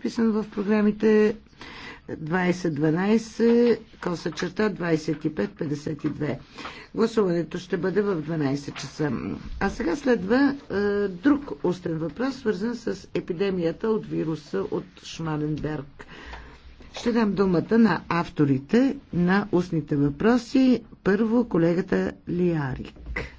записан в програмите 2012, коса черта 2552. Гласуването ще бъде в 12 часа. А сега следва е, друг устен въпрос, свързан с епидемията от вируса от Шмаленберг. Ще дам думата на авторите на устните въпроси. Първо колегата Лиарик.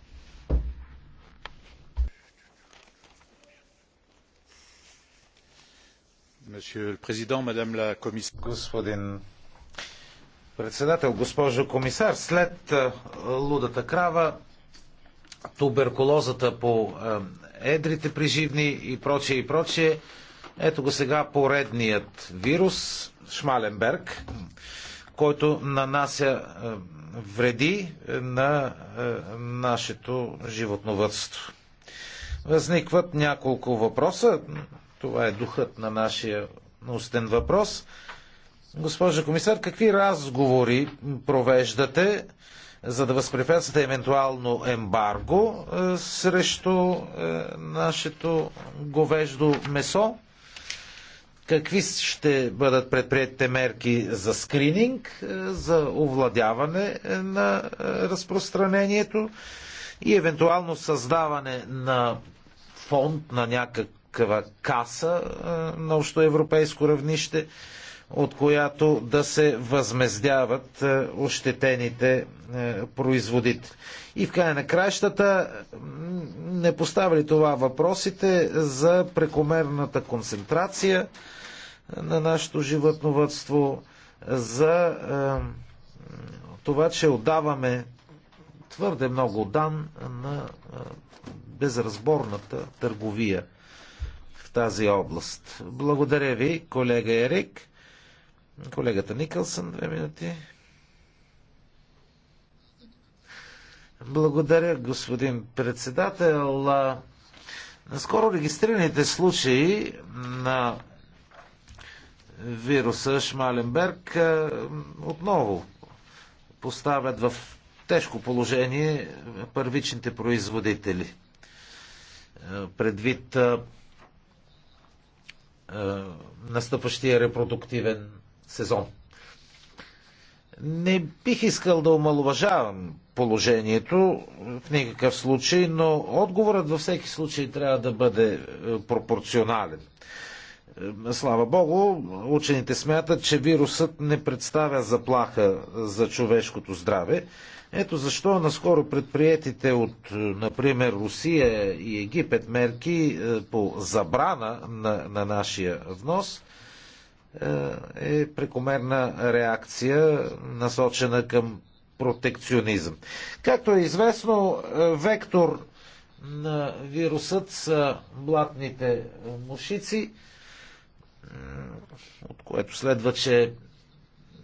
Господин председател, госпожо комисар, след е, лудата крава, туберкулозата по е, едрите приживни и прочее и прочее, ето го сега поредният вирус, Шмаленберг, който нанася е, вреди на нашето животновътство. Възникват няколко въпроса. Това е духът на нашия устен въпрос. Госпожа комисар, какви разговори провеждате, за да възпрепятствате евентуално ембарго е, срещу е, нашето говеждо месо? Какви ще бъдат предприятите мерки за скрининг, е, за овладяване е, на е, разпространението и евентуално създаване на фонд на някакъв някаква каса на общоевропейско равнище, от която да се възмездяват ощетените производители. И в края на краищата не поставили това въпросите за прекомерната концентрация на нашето животновътство, за това, че отдаваме твърде много дан на безразборната търговия тази област. Благодаря ви, колега Ерик. Колегата Никълсън, две минути. Благодаря, господин председател. Наскоро регистрираните случаи на вируса Шмаленберг отново поставят в тежко положение първичните производители. Предвид е, настъпващия репродуктивен сезон. Не бих искал да омалуважавам положението в никакъв случай, но отговорът във всеки случай трябва да бъде е, пропорционален. Е, слава Богу, учените смятат, че вирусът не представя заплаха за човешкото здраве ето защо наскоро предприетите от, е, например, Русия и Египет мерки е, по забрана на, на нашия внос е, е прекомерна реакция, насочена към протекционизъм. Както е известно, вектор на вирусът са блатните мушици, от което следва, че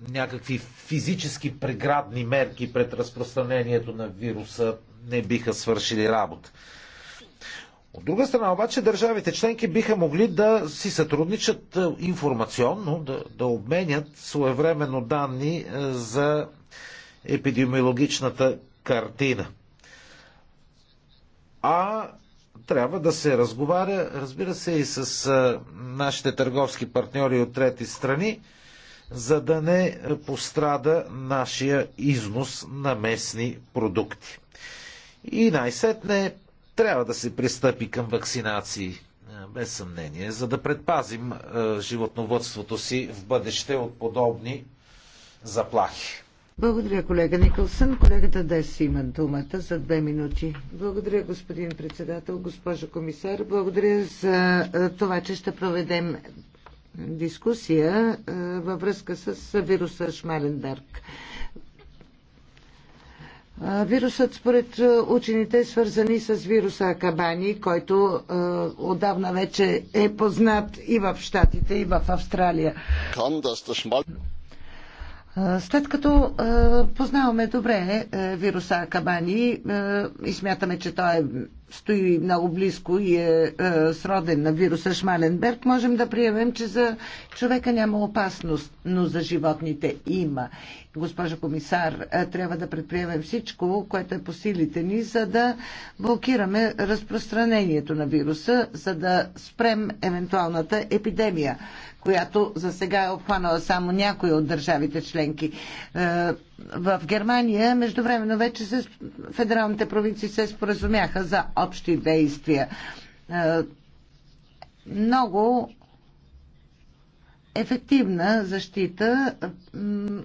някакви физически преградни мерки пред разпространението на вируса не биха свършили работа. От друга страна обаче държавите членки биха могли да си сътрудничат е, информационно, да, да обменят своевременно данни е, за епидемиологичната картина. А трябва да се разговаря, разбира се, и с е, нашите търговски партньори от трети страни, за да не пострада нашия износ на местни продукти. И най-сетне трябва да се пристъпи към вакцинации, е, без съмнение, за да предпазим е, животноводството си в бъдеще от подобни заплахи. Благодаря, колега Николсън. Колегата Дес има думата за две минути. Благодаря, господин председател, госпожо комисар. Благодаря за е, това, че ще проведем дискусия във връзка с вируса Шмаленберг. Вирусът според учените е свързани с вируса Акабани, който а, отдавна вече е познат и в Штатите, и в Австралия. След като е, познаваме добре е, вируса Кабани, е, и смятаме, че той е стои много близко и е, е сроден на вируса Шмаленберг, можем да приемем, че за човека няма опасност, но за животните има госпожо комисар, е, трябва да предприемем всичко, което е по силите ни, за да блокираме разпространението на вируса, за да спрем евентуалната епидемия, която за сега е обхванала само някои от държавите членки. Е, в Германия, междувременно, вече се, федералните провинции се споразумяха за общи действия. Е, много ефективна защита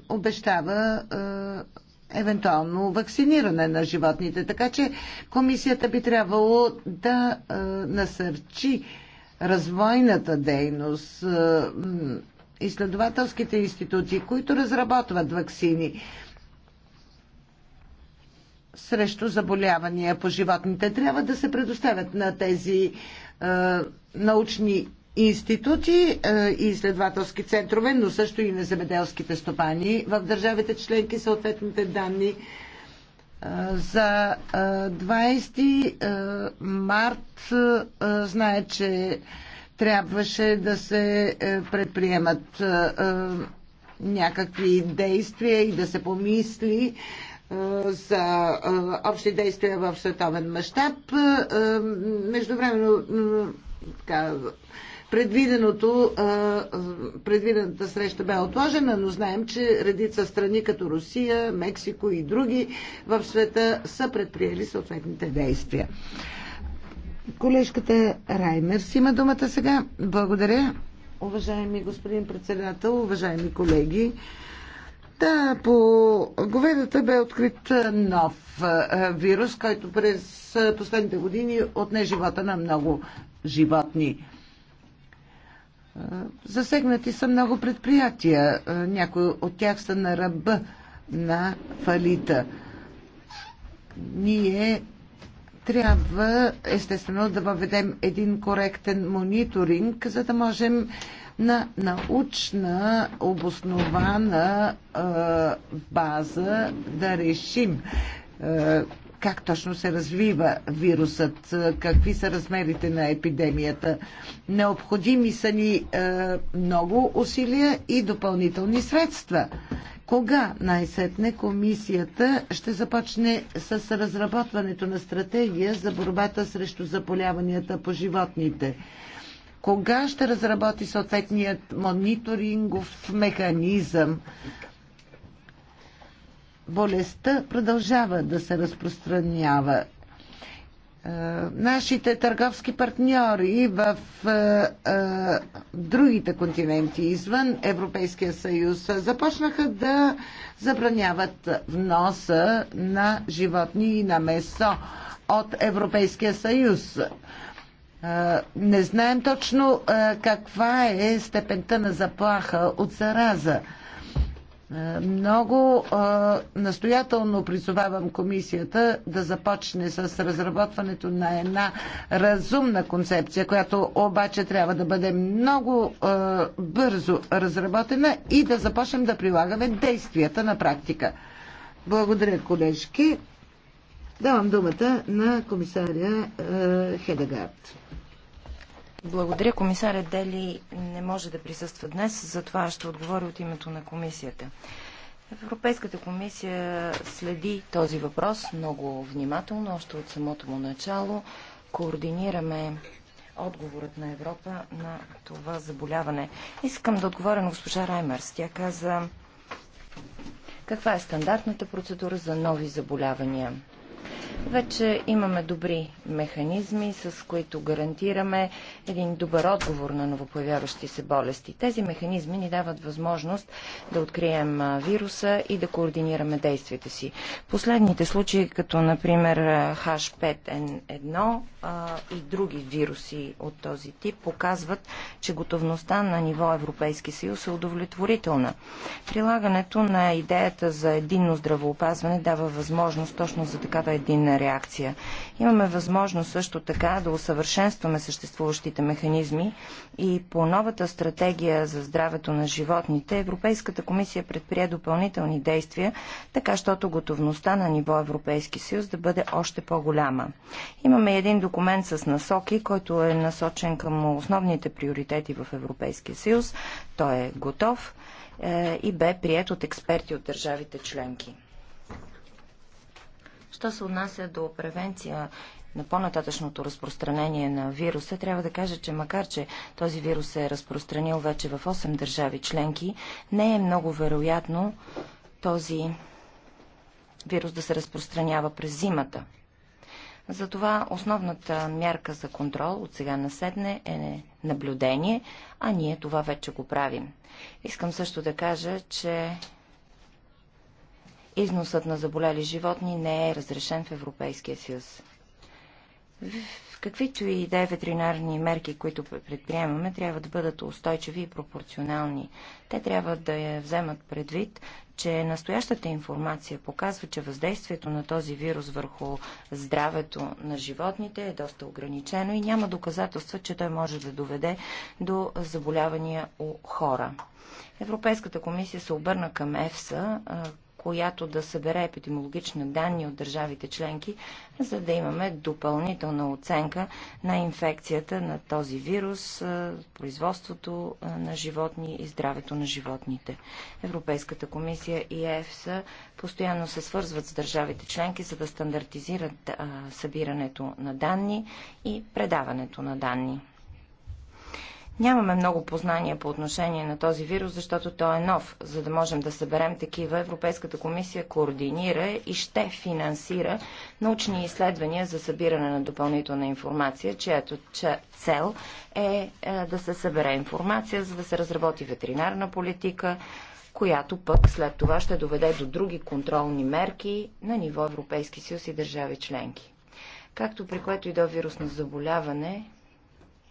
обещава евентуално вакциниране на животните. Така че комисията би трябвало да насърчи развойната дейност, изследователските институти, които разработват вакцини срещу заболявания по животните, трябва да се предоставят на тези е, научни институти и е, изследователски центрове, но също и на земеделските стопани в държавите членки съответните данни е, за 20 е, март знае, че трябваше да се предприемат някакви действия и да се помисли за общи действия в световен мащаб. Междувременно така, Предвиденото, предвидената среща бе отложена, но знаем, че редица страни като Русия, Мексико и други в света са предприели съответните действия. Колежката Райнерс има думата сега. Благодаря, уважаеми господин председател, уважаеми колеги. Да, по говедата бе открит нов вирус, който през последните години отне живота на много животни. Засегнати са много предприятия. Някои от тях са на ръба на фалита. Ние трябва, естествено, да въведем един коректен мониторинг, за да можем на научна, обоснована база да решим как точно се развива вирусът, какви са размерите на епидемията. Необходими са ни много усилия и допълнителни средства. Кога най-сетне комисията ще започне с разработването на стратегия за борбата срещу заболяванията по животните? Кога ще разработи съответният мониторингов механизъм болестта продължава да се разпространява. Е, нашите търговски партньори и в е, е, другите континенти извън Европейския съюз започнаха да забраняват вноса на животни и на месо от Европейския съюз. Не знаем точно каква е степента на заплаха от зараза много настоятелно призовавам комисията да започне с разработването на една разумна концепция, която обаче трябва да бъде много бързо разработена и да започнем да прилагаме действията на практика. Благодаря, колежки. Давам думата на комисаря Хедагард. Благодаря. Комисарят Дели не може да присъства днес, затова ще отговоря от името на комисията. Европейската комисия следи този въпрос много внимателно, още от самото му начало. Координираме отговорът на Европа на това заболяване. Искам да отговоря на госпожа Раймерс. Тя каза каква е стандартната процедура за нови заболявания. Вече имаме добри механизми, с които гарантираме един добър отговор на новопоявяващи се болести. Тези механизми ни дават възможност да открием вируса и да координираме действията си. Последните случаи, като например H5N1 и други вируси от този тип, показват, че готовността на ниво Европейски съюз е удовлетворителна. Прилагането на идеята за единно здравоопазване дава възможност точно за такава един ефективна реакция. Имаме възможност също така да усъвършенстваме съществуващите механизми и по новата стратегия за здравето на животните Европейската комисия предприе допълнителни действия, така щото готовността на ниво Европейски съюз да бъде още по-голяма. Имаме един документ с насоки, който е насочен към основните приоритети в Европейския съюз. Той е готов е, и бе прият от експерти от държавите членки. Що се отнася до превенция на по-нататъчното разпространение на вируса, трябва да кажа, че макар, че този вирус се е разпространил вече в 8 държави членки, не е много вероятно този вирус да се разпространява през зимата. Затова основната мярка за контрол от сега на седне е наблюдение, а ние това вече го правим. Искам също да кажа, че износът на заболели животни не е разрешен в Европейския съюз. В каквито и да е ветеринарни мерки, които предприемаме, трябва да бъдат устойчиви и пропорционални. Те трябва да я вземат предвид, че настоящата информация показва, че въздействието на този вирус върху здравето на животните е доста ограничено и няма доказателства, че той може да доведе до заболявания у хора. Европейската комисия се обърна към ЕФСА, която да събере епидемиологични данни от държавите членки, за да имаме допълнителна оценка на инфекцията на този вирус, производството на животни и здравето на животните. Европейската комисия и ЕФСА постоянно се свързват с държавите членки, за да стандартизират събирането на данни и предаването на данни. Нямаме много познания по отношение на този вирус, защото той е нов. За да можем да съберем такива, Европейската комисия координира и ще финансира научни изследвания за събиране на допълнителна информация, чиято цел е, е да се събере информация, за да се разработи ветеринарна политика, която пък след това ще доведе до други контролни мерки на ниво Европейски съюз и държави членки. Както при което и до вирусно заболяване,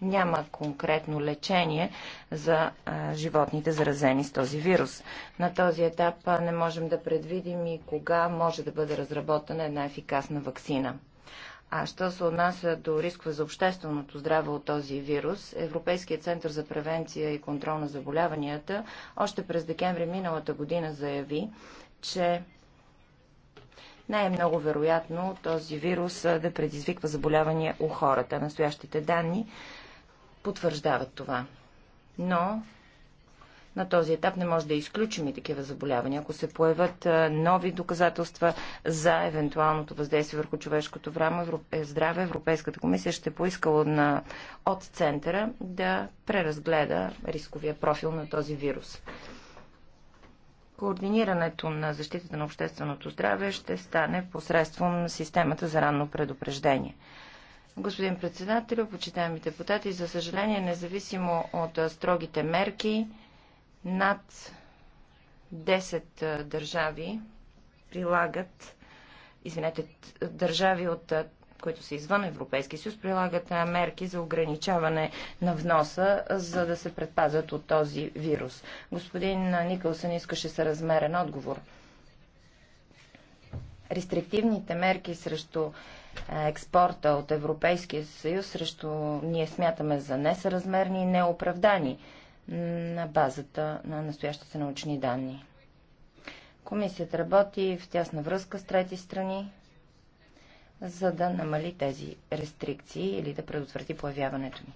няма конкретно лечение за животните заразени с този вирус. На този етап не можем да предвидим и кога може да бъде разработена една ефикасна вакцина. А що се отнася до рискове за общественото здраве от този вирус, Европейският център за превенция и контрол на заболяванията още през декември миналата година заяви, че не е много вероятно този вирус да предизвиква заболявания у хората. Настоящите данни потвърждават това. Но на този етап не може да изключим и такива заболявания, ако се появят нови доказателства за евентуалното въздействие върху човешкото е, здраве. Европейската комисия ще поиска от центъра да преразгледа рисковия профил на този вирус. Координирането на защитата на общественото здраве ще стане посредством системата за ранно предупреждение. Господин председател, почитаеми депутати, за съжаление, независимо от строгите мерки, над 10 държави прилагат, извинете, държави от които са извън Европейски съюз, прилагат мерки за ограничаване на вноса, за да се предпазят от този вирус. Господин Никълсън искаше съразмерен отговор. Рестриктивните мерки срещу експорта от Европейския съюз срещу ние смятаме за несъразмерни и неоправдани на базата на настоящите научни данни. Комисията работи в тясна връзка с трети страни, за да намали тези рестрикции или да предотврати появяването ни.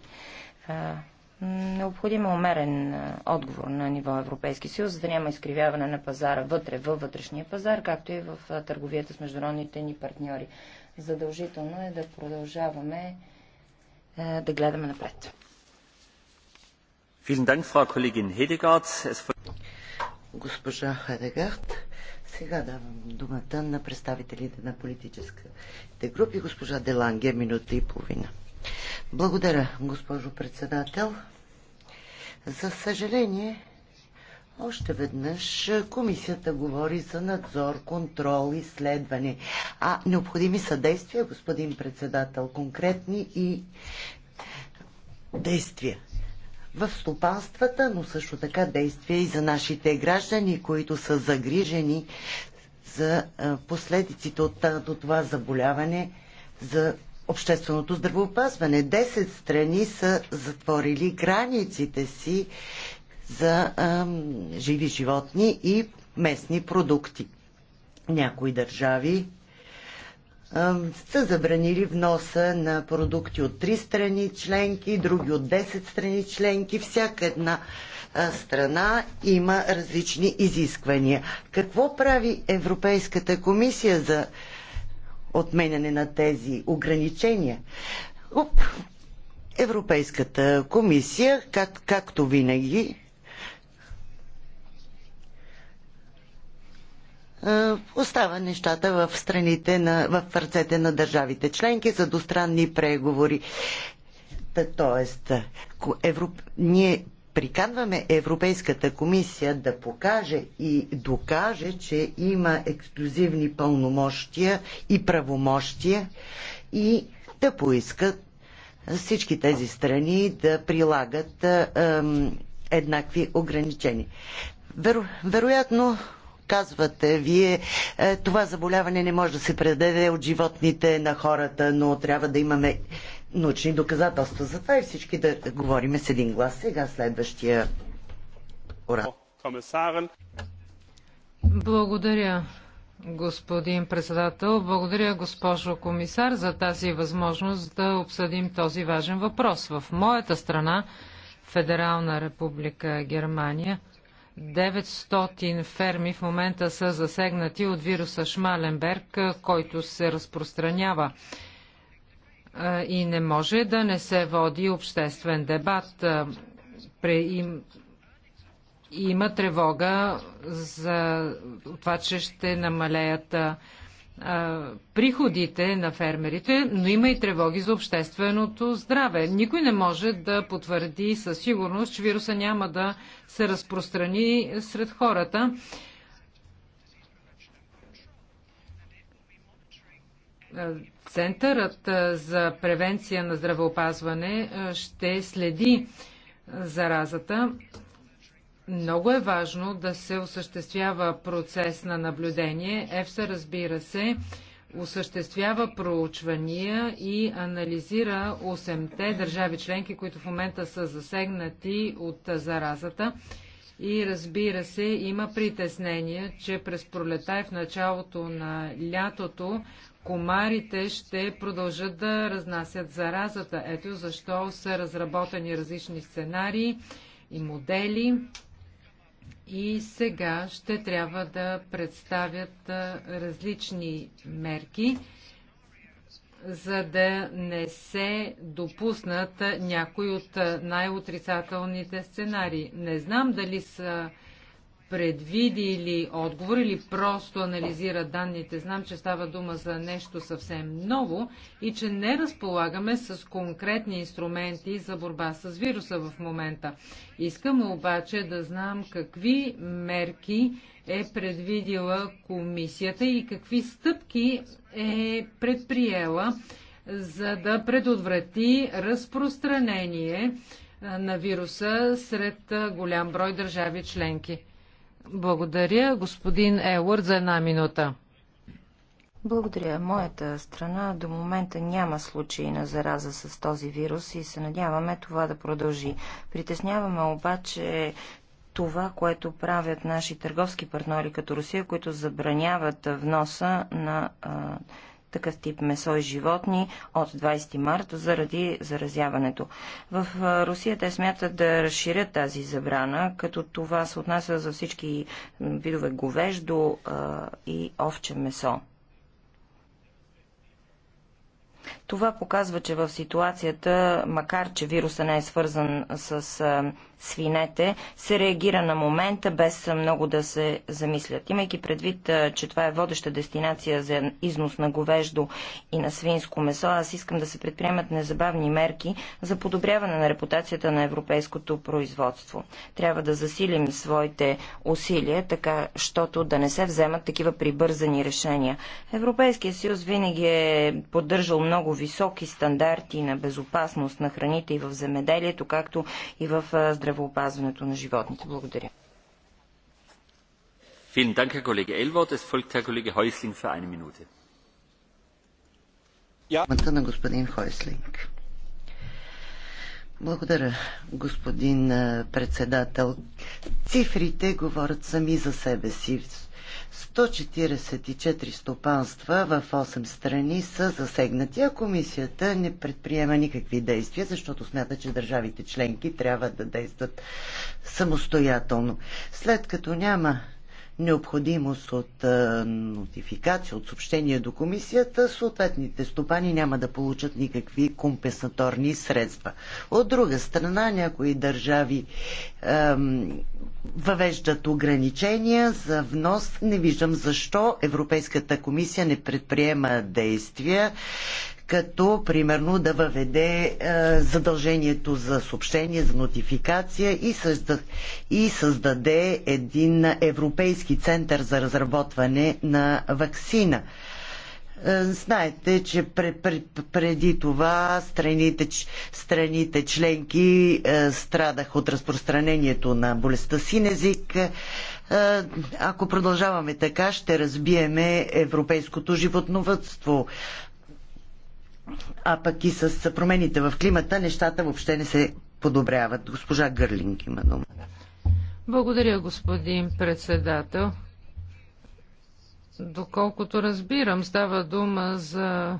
Необходим е умерен отговор на ниво Европейски съюз, за да няма изкривяване на пазара вътре, във вътрешния пазар, както и в търговията с международните ни партньори задължително е да продължаваме е, да гледаме напред. Госпожа Хедегард, сега давам думата на представителите на политическите групи. Госпожа Деланге, минута и половина. Благодаря, госпожо председател. За съжаление, още веднъж комисията говори за надзор, контрол, изследване, а необходими са действия, господин председател, конкретни и действия в стопанствата, но също така действия и за нашите граждани, които са загрижени за последиците от, това заболяване за общественото здравеопазване. Десет страни са затворили границите си за а, живи животни и местни продукти. Някои държави а, са забранили вноса на продукти от три страни членки, други от 10 страни членки. Всяка една а, страна има различни изисквания. Какво прави Европейската комисия за отменяне на тези ограничения? Оп. Европейската комисия, как, както винаги, Е, остава нещата в страните на, в ръцете на държавите членки за достранни преговори. Тоест, Европ... ние приканваме Европейската комисия да покаже и докаже, че има ексклюзивни пълномощия и правомощия и да поискат всички тези страни да прилагат ем, еднакви ограничения. Веро, вероятно, казвате, вие е, това заболяване не може да се предаде от животните на хората, но трябва да имаме научни доказателства. за това, и всички да говорим с един глас. Сега следващия урад. Благодаря, господин председател. Благодаря, госпожо комисар, за тази възможност да обсъдим този важен въпрос. В моята страна, Федерална република Германия, 900 ферми в момента са засегнати от вируса Шмаленберг, който се разпространява. И не може да не се води обществен дебат. Има тревога за това, че ще намалеят приходите на фермерите, но има и тревоги за общественото здраве. Никой не може да потвърди със сигурност, че вируса няма да се разпространи сред хората. Центърът за превенция на здравеопазване ще следи заразата много е важно да се осъществява процес на наблюдение. ЕФСА, разбира се, осъществява проучвания и анализира 8-те държави членки, които в момента са засегнати от заразата. И разбира се, има притеснение, че през пролета и в началото на лятото комарите ще продължат да разнасят заразата. Ето защо са разработени различни сценарии и модели и сега ще трябва да представят различни мерки, за да не се допуснат някои от най-отрицателните сценарии. Не знам дали са предвиди или отговор или просто анализира данните. Знам, че става дума за нещо съвсем ново и че не разполагаме с конкретни инструменти за борба с вируса в момента. Искам обаче да знам какви мерки е предвидила комисията и какви стъпки е предприела, за да предотврати разпространение на вируса сред голям брой държави членки. Благодаря, господин Елърд, за една минута. Благодаря. Моята страна до момента няма случаи на зараза с този вирус и се надяваме това да продължи. Притесняваме обаче това, което правят наши търговски партньори като Русия, които забраняват вноса на а, такъв тип месо и животни от 20 марта заради заразяването. В Русия те смятат да разширят тази забрана, като това се отнася за всички видове говеждо и овче месо. Това показва, че в ситуацията, макар че вируса не е свързан с а, свинете, се реагира на момента, без много да се замислят. Имайки предвид, а, че това е водеща дестинация за износ на говеждо и на свинско месо, аз искам да се предприемат незабавни мерки за подобряване на репутацията на европейското производство. Трябва да засилим своите усилия, така, щото да не се вземат такива прибързани решения. Европейския съюз винаги е поддържал много високи стандарти на безопасност на храните и в земеделието, както и в здравеопазването на животните. Благодаря. Благодаря, господин председател. Цифрите говорят сами за себе си. 144 стопанства в 8 страни са засегнати, а комисията не предприема никакви действия, защото смята, че държавите членки трябва да действат самостоятелно. След като няма необходимост от нотификация, от съобщение до комисията, съответните стопани няма да получат никакви компенсаторни средства. От друга страна, някои държави ем, въвеждат ограничения за внос. Не виждам защо Европейската комисия не предприема действия като примерно да въведе е, задължението за съобщение, за нотификация и, създа, и създаде един европейски център за разработване на вакцина. Е, знаете, че преди това страните, страните членки е, страдах от разпространението на болестта език. Ако продължаваме така, ще разбиеме европейското животновътство а пък и с промените в климата нещата въобще не се подобряват. Госпожа Гърлинг има дума. Благодаря, господин председател. Доколкото разбирам, става дума за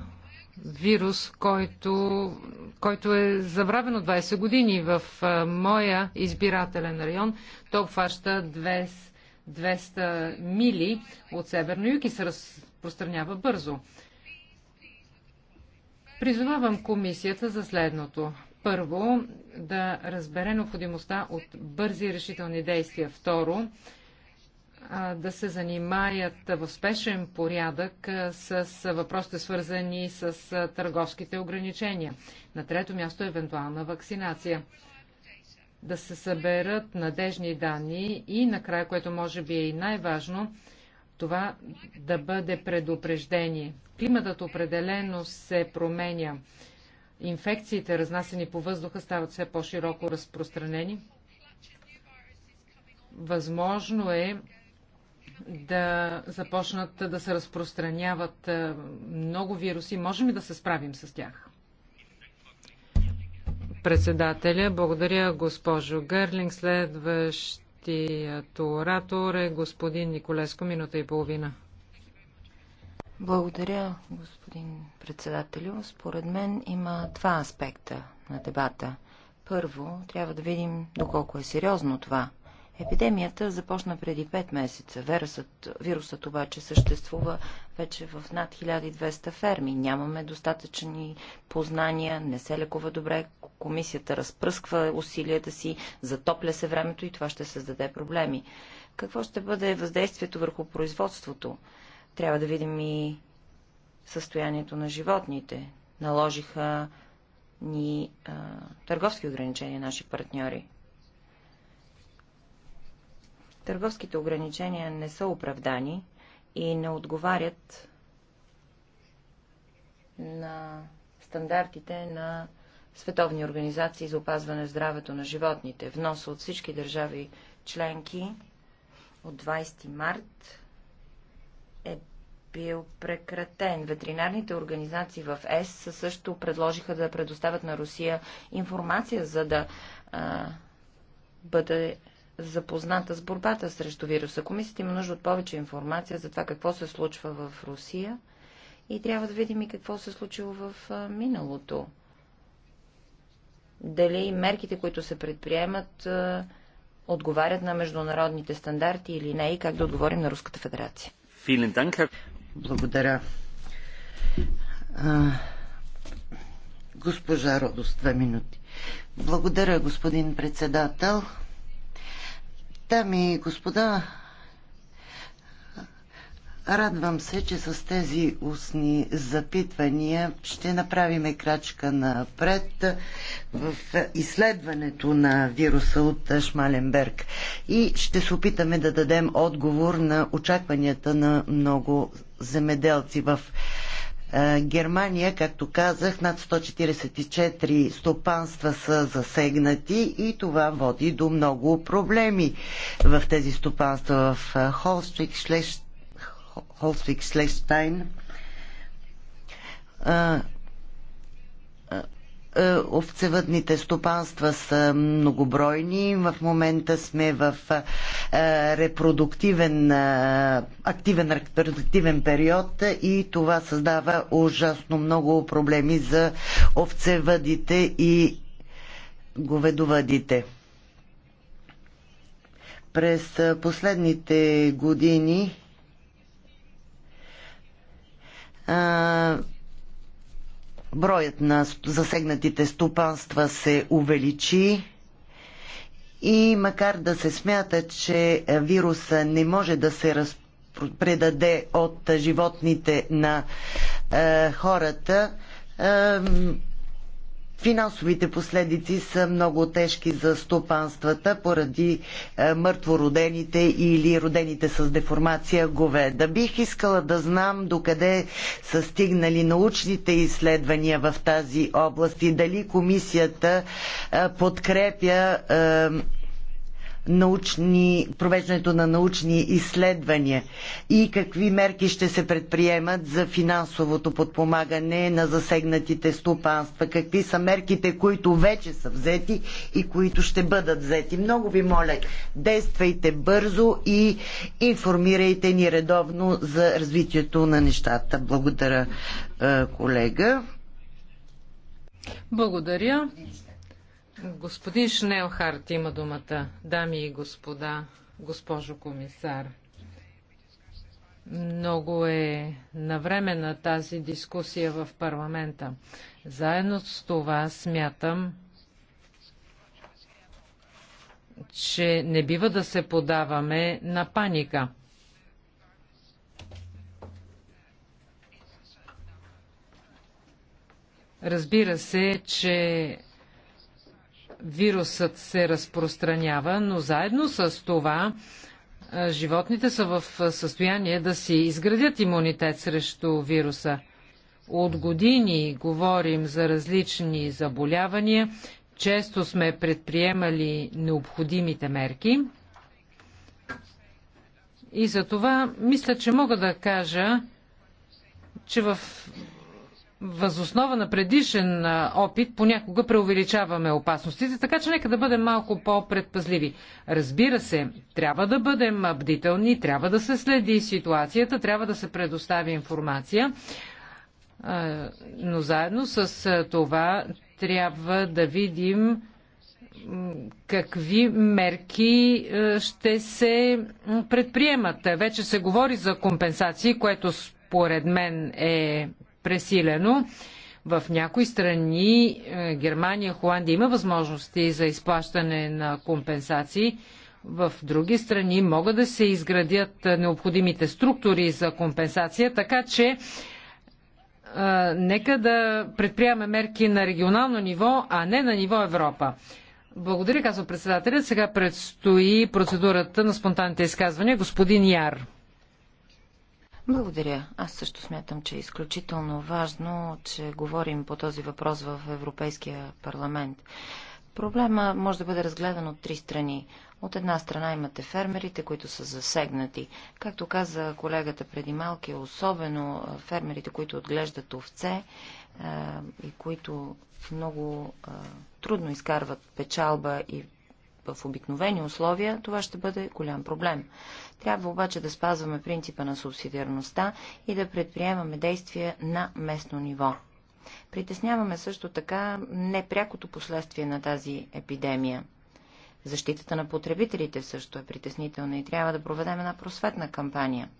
вирус, който, който е забравен от 20 години в моя избирателен район. То обхваща 200, 200 мили от северно юг и се разпространява бързо. Призовавам комисията за следното. Първо, да разбере необходимостта от бързи и решителни действия. Второ, да се занимаят в спешен порядък с въпросите свързани с търговските ограничения. На трето място евентуална вакцинация. Да се съберат надежни данни и накрая, което може би е и най-важно, това да бъде предупреждение. Климатът определено се променя. Инфекциите, разнасени по въздуха, стават все по-широко разпространени. Възможно е да започнат да се разпространяват много вируси. Можем ли да се справим с тях? Председателя, благодаря госпожо Гърлинг. Следващ Следващият оратор е господин Николеско, минута и половина. Благодаря, господин председателю. Според мен има два аспекта на дебата. Първо, трябва да видим доколко е сериозно това – Епидемията започна преди 5 месеца. Вирусът, вирусът обаче съществува вече в над 1200 ферми. Нямаме достатъчни познания, не се лекува добре, комисията разпръсква усилията си, затопля се времето и това ще създаде проблеми. Какво ще бъде въздействието върху производството? Трябва да видим и състоянието на животните. Наложиха ни а, търговски ограничения наши партньори. Търговските ограничения не са оправдани и не отговарят на стандартите на световни организации за опазване здравето на животните. Вноса от всички държави членки от 20 март е бил прекратен. Ветеринарните организации в ЕС също предложиха да предоставят на Русия информация, за да а, бъде запозната с борбата срещу вируса. Комисията има нужда от повече информация за това какво се случва в Русия и трябва да видим и какво се случило в миналото. Дали мерките, които се предприемат, отговарят на международните стандарти или не и как да отговорим на Руската федерация. Благодаря. А, госпожа Родос, две минути. Благодаря, господин председател. Дами и господа, радвам се, че с тези устни запитвания ще направиме крачка напред в изследването на вируса от Шмаленберг и ще се опитаме да дадем отговор на очакванията на много земеделци в е, Германия, както казах, над 144 стопанства са засегнати и това води до много проблеми в тези стопанства в е, Холствик, Шлеш... Шлештайн. Е, е, овцевъдните стопанства са многобройни. В момента сме в е, репродуктивен, е, активен репродуктивен период и това създава ужасно много проблеми за овцевъдите и говедовъдите. През последните години броят на засегнатите стопанства се увеличи и макар да се смята, че е, вируса не може да се предаде от животните на е, хората, е, Финансовите последици са много тежки за стопанствата поради е, мъртвородените или родените с деформация говеда. Бих искала да знам докъде са стигнали научните изследвания в тази област и дали комисията е, подкрепя е, научни, провеждането на научни изследвания и какви мерки ще се предприемат за финансовото подпомагане на засегнатите стопанства, какви са мерките, които вече са взети и които ще бъдат взети. Много ви моля, действайте бързо и информирайте ни редовно за развитието на нещата. Благодаря, е, колега. Благодаря. Господин Шнелхарт има думата. Дами и господа, госпожо комисар. Много е навреме на тази дискусия в парламента. Заедно с това смятам, че не бива да се подаваме на паника. Разбира се, че вирусът се разпространява, но заедно с това животните са в състояние да си изградят имунитет срещу вируса. От години говорим за различни заболявания, често сме предприемали необходимите мерки. И за това мисля, че мога да кажа, че в възоснова на предишен опит понякога преувеличаваме опасностите, така че нека да бъдем малко по-предпазливи. Разбира се, трябва да бъдем бдителни, трябва да се следи ситуацията, трябва да се предостави информация, но заедно с това трябва да видим какви мерки ще се предприемат. Вече се говори за компенсации, което според мен е пресилено. В някои страни, е, Германия, Холандия, има възможности за изплащане на компенсации. В други страни могат да се изградят е, необходимите структури за компенсация, така че е, нека да предприемаме мерки на регионално ниво, а не на ниво Европа. Благодаря, казва председателят. Сега предстои процедурата на спонтанните изказвания. Господин Яр. Благодаря. Аз също смятам, че е изключително важно, че говорим по този въпрос в Европейския парламент. Проблема може да бъде разгледан от три страни. От една страна имате фермерите, които са засегнати. Както каза колегата преди малки, е особено фермерите, които отглеждат овце и които много трудно изкарват печалба и в обикновени условия, това ще бъде голям проблем. Трябва обаче да спазваме принципа на субсидиарността и да предприемаме действия на местно ниво. Притесняваме също така непрякото последствие на тази епидемия. Защитата на потребителите също е притеснителна и трябва да проведем една просветна кампания –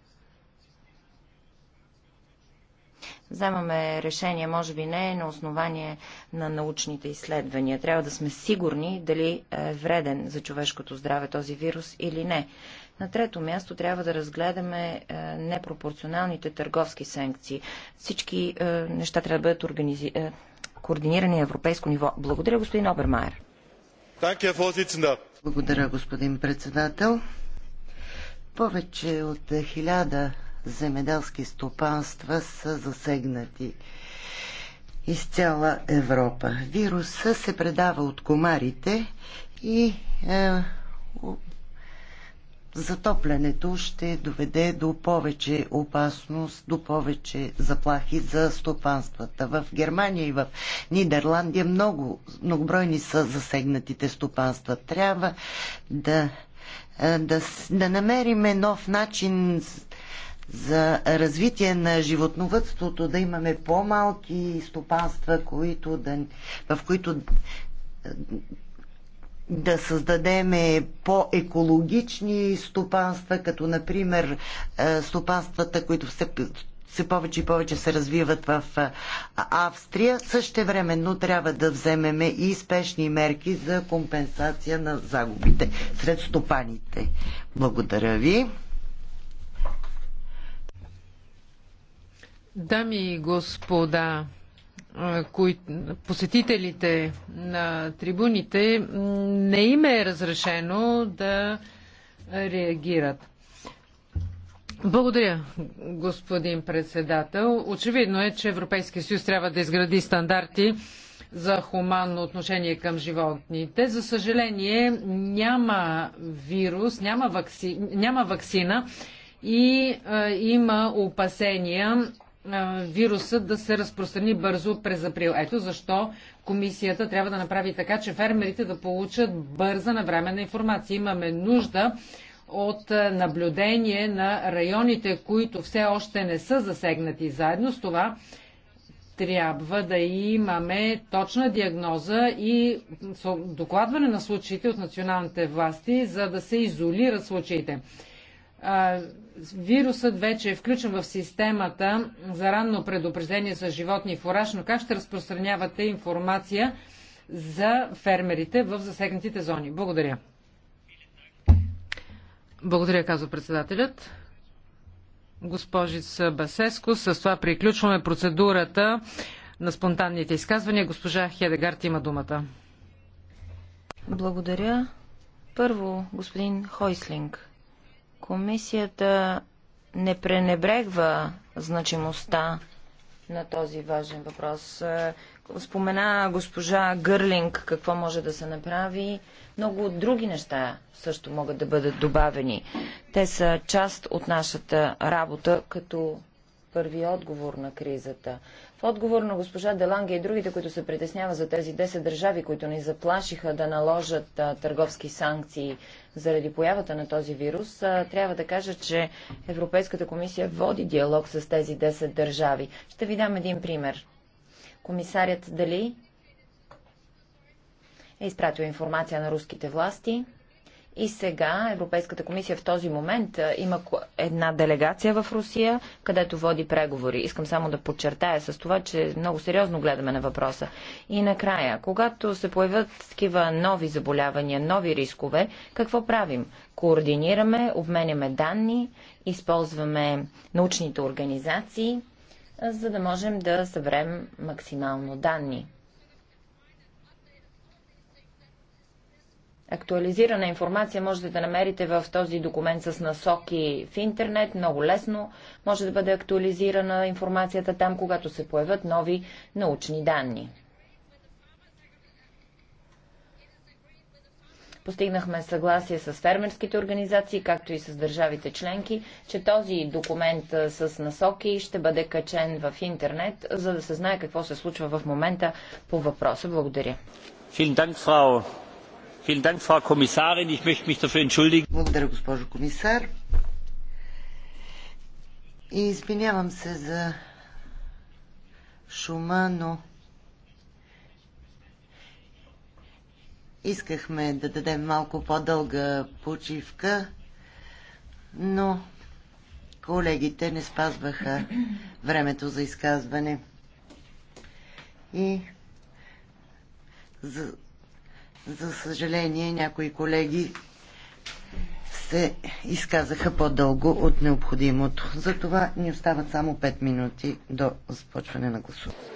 Вземаме решение, може би не на основание на научните изследвания. Трябва да сме сигурни дали е вреден за човешкото здраве този вирус или не. На трето място трябва да разгледаме е, непропорционалните търговски санкции. Всички е, неща трябва да бъдат организи... е, координирани на европейско ниво. Благодаря, господин Обермайер. Благодаря, господин председател. Повече от хиляда земеделски стопанства са засегнати из цяла Европа. Вируса се предава от комарите и е, затоплянето ще доведе до повече опасност, до повече заплахи за стопанствата. В Германия и в Нидерландия много многобройни са засегнатите стопанства. Трябва да, е, да, да намериме нов начин за развитие на животновътството, да имаме по-малки стопанства, които да, в които е, да създадеме по-екологични стопанства, като например е, стопанствата, които все, все повече и повече се развиват в е, Австрия. Същевременно трябва да вземеме и спешни мерки за компенсация на загубите сред стопаните. Благодаря ви. Дами и господа, кои, посетителите на трибуните, не им е разрешено да реагират. Благодаря, господин председател. Очевидно е, че Европейския съюз трябва да изгради стандарти за хуманно отношение към животните. За съжаление, няма вирус, няма, вакци... няма вакцина и а, има опасения вирусът да се разпространи бързо през април. Ето защо комисията трябва да направи така, че фермерите да получат бърза навременна информация. Имаме нужда от наблюдение на районите, които все още не са засегнати. Заедно с това трябва да имаме точна диагноза и докладване на случаите от националните власти, за да се изолират случаите вирусът вече е включен в системата за ранно предупреждение за животни и фураж, но как ще разпространявате информация за фермерите в засегнатите зони? Благодаря. Благодаря, казва председателят. Госпожица Басеско, с това приключваме процедурата на спонтанните изказвания. Госпожа Хедегард има думата. Благодаря. Първо, господин Хойслинг. Комисията не пренебрегва значимостта на този важен въпрос. Е, спомена госпожа Гърлинг какво може да се направи. Много други неща също могат да бъдат добавени. Те са част от нашата работа като първи отговор на кризата. В отговор на госпожа Деланге и другите, които се притеснява за тези 10 държави, които ни заплашиха да наложат а, търговски санкции заради появата на този вирус, а, трябва да кажа, че Европейската комисия води диалог с тези 10 държави. Ще ви дам един пример. Комисарят Дали е изпратил информация на руските власти и сега Европейската комисия в този момент има една делегация в Русия, където води преговори. Искам само да подчертая с това, че много сериозно гледаме на въпроса. И накрая, когато се появят такива нови заболявания, нови рискове, какво правим? Координираме, обменяме данни, използваме научните организации, за да можем да съберем максимално данни. Актуализирана информация можете да намерите в този документ с насоки в интернет. Много лесно може да бъде актуализирана информацията там, когато се появят нови научни данни. Постигнахме съгласие с фермерските организации, както и с държавите членки, че този документ с насоки ще бъде качен в интернет, за да се знае какво се случва в момента по въпроса. Благодаря. Благодаря, госпожо комисар. И извинявам се за шума, но искахме да дадем малко по-дълга почивка, но колегите не спазваха времето за изказване. И за, за съжаление, някои колеги се изказаха по-дълго от необходимото. Затова ни остават само 5 минути до започване на гласуване.